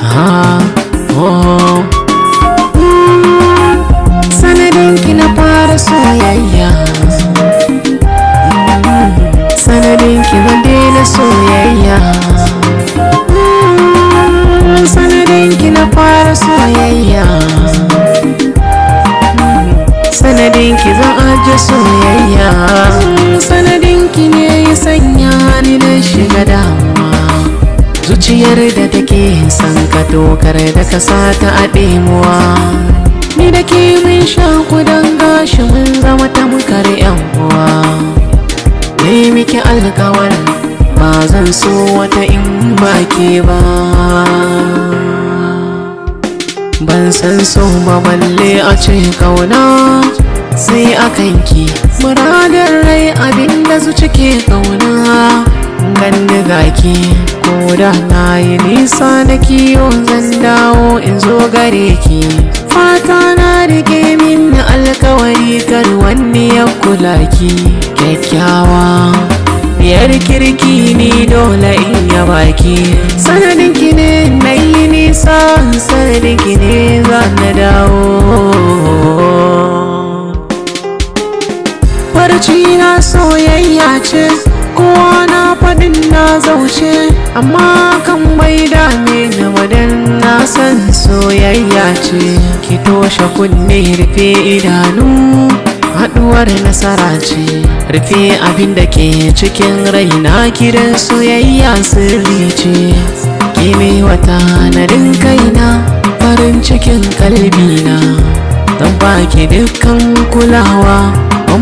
Oh. sanadinki na fara soyayya sanadinki na daina soyayya sanadinki na fara soyayya sanadinki zan ajiye soyayya Yar da take san ka dokar da ka sa ta a ɗemuwa ni da ke mun sha kudan gashi mun zama ta mukar yan uwa ne miki alkawar ba zan so wata in ba ke ba ban san so ba balle a ce kauna sai a ki muradar rai abinda zuci ke kauna ganni gaki ko da na yi nisa na kiyo zan dawo in zo gare ki fata na rike min alkawari kan wani ya kula ki kyakkyawa biyar kirki ni dole in ya baki sanadin ki ne na yi nisa sanadin ki ne za na dawo barci na soyayya ce kowa na na zaushe amma kan bai dame na wadan na san soyayya ce ki toshe kunne rufe idanu haduwar nasara ce rufe abin da ke cikin raina kiran soyayya sirri ce ki mai wata narin kaina farin cikin na don baki dukkan kulawa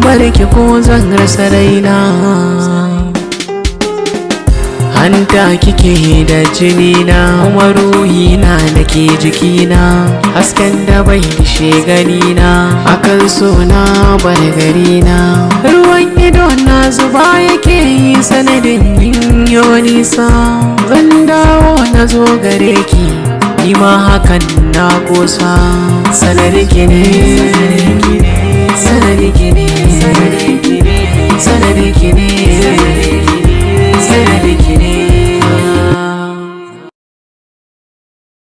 ban ki ko zan rasa raina da kike da jini na kuma ruhi na nake jiki na hasken da bai dishe gani na akan so na bar gari na ruwan ido na zuba yake yi sanadin yin yo nisa zan dawo na zo gare ki ni ma hakan na kosa sanar ki ne